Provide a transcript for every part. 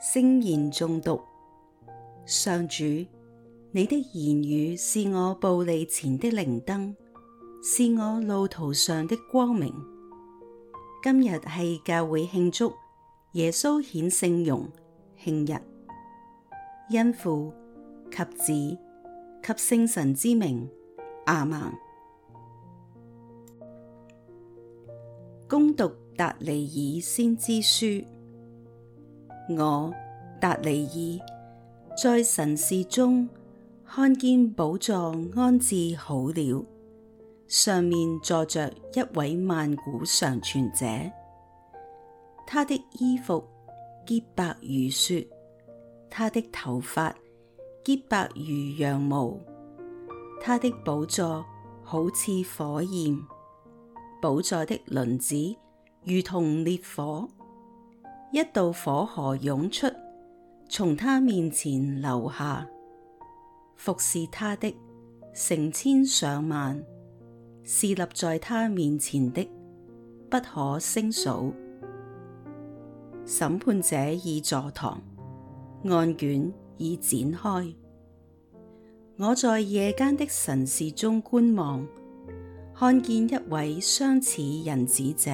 聖言誦讀：「上主，你的言語是我步履前的靈燈，是我路途上的光明。今日係教會慶祝耶穌顯聖容。」慶日，因父及子及聖神之名阿們。恭讀達尼爾先知書。我達尼爾在神視中看見寶座安置好了，上面坐着一位萬古常存者，他的衣服。潔白如雪，他的頭髮潔白如羊毛。他的寶座好似火焰，寶座的輪子如同烈火。一道火河湧出，從他面前流下。服事他的成千上萬，侍立在他面前的不可勝數。審判者已坐堂，案卷已展開。我在夜間的神視中觀望，看見一位相似人子者，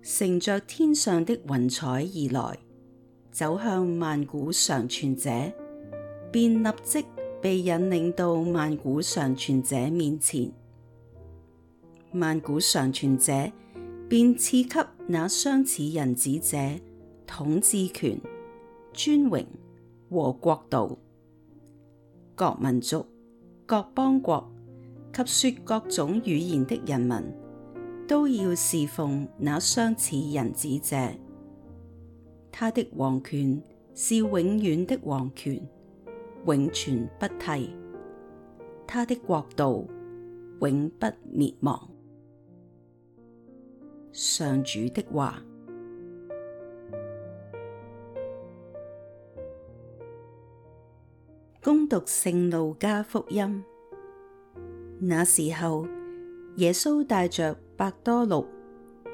乘着天上的雲彩而來，走向萬古常存者，便立即被引領到萬古常存者面前。萬古常存者便賜給，那相似人子者，統治權、尊榮和國度，各民族、各邦國及說各種語言的人民，都要侍奉那相似人子者。他的王權是永遠的王權，永存不替；他的國度永不滅亡。上主的話。恭讀《聖路加福音》，那時候耶穌帶着伯多祿、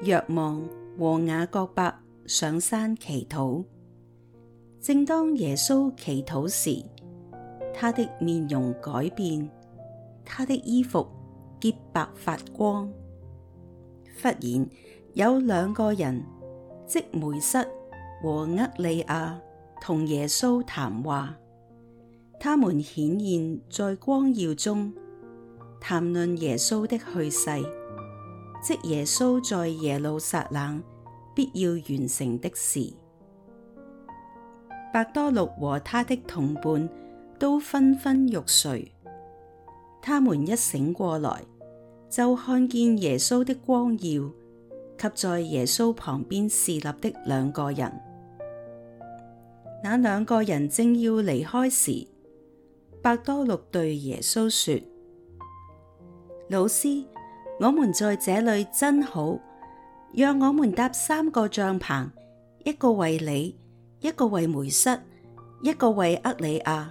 若望和雅各伯上山祈禱。正當耶穌祈禱時，他的面容改變，他的衣服潔白發光。忽然。有兩個人，即梅瑟和厄里亞，同耶穌談話。他們顯現在光耀中，談論耶穌的去世，即耶穌在耶路撒冷必要完成的事。伯多祿和他的同伴都昏昏欲睡，他們一醒過來，就看見耶穌的光耀。及在耶穌旁邊侍立的兩個人，那兩個人正要離開時，伯多祿對耶穌說：老師，我們在這裡真好，讓我們搭三個帳棚，一個為你，一個為梅瑟，一個為厄里亞。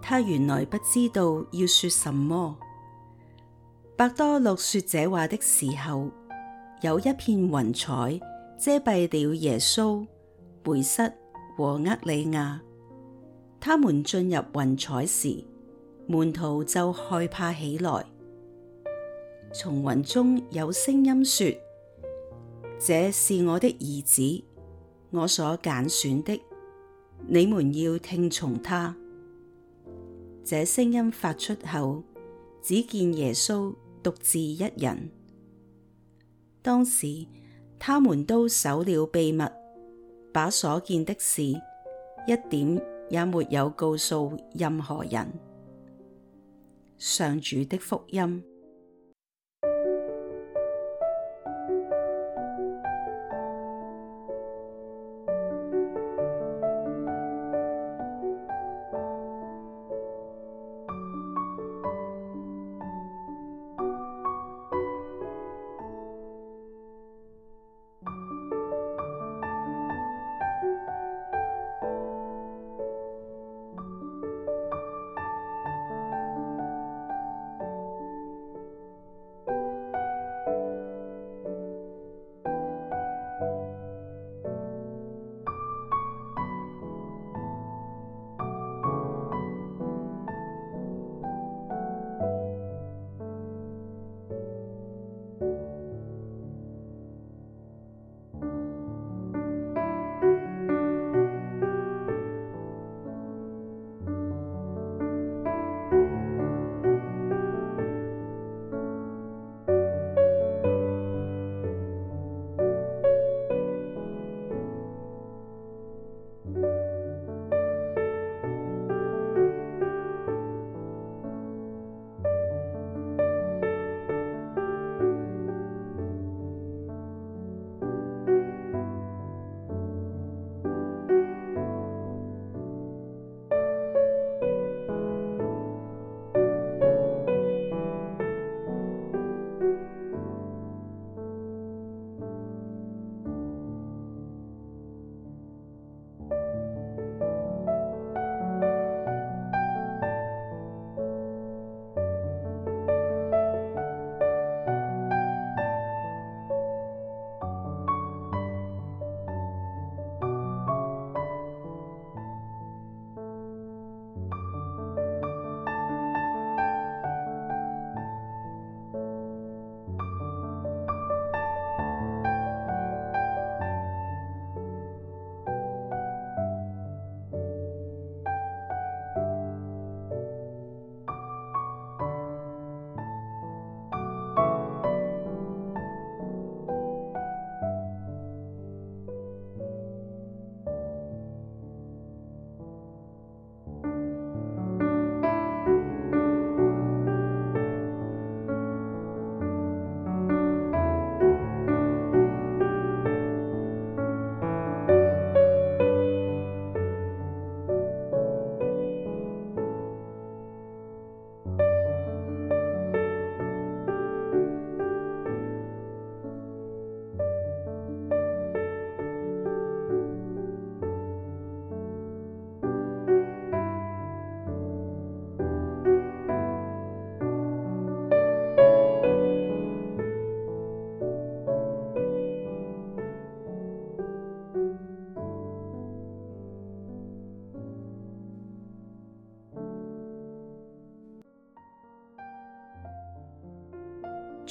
他原來不知道要說什麼。伯多祿說這話的時候。有一片雲彩遮蔽了耶穌、梅瑟和厄里亞。他們進入雲彩時，門徒就害怕起來。從雲中有聲音說：這是我的兒子，我所揀選的，你們要聽從他。這聲音發出後，只見耶穌獨自一人。當時，他們都守了秘密，把所見的事，一點也沒有告訴任何人。上主的福音。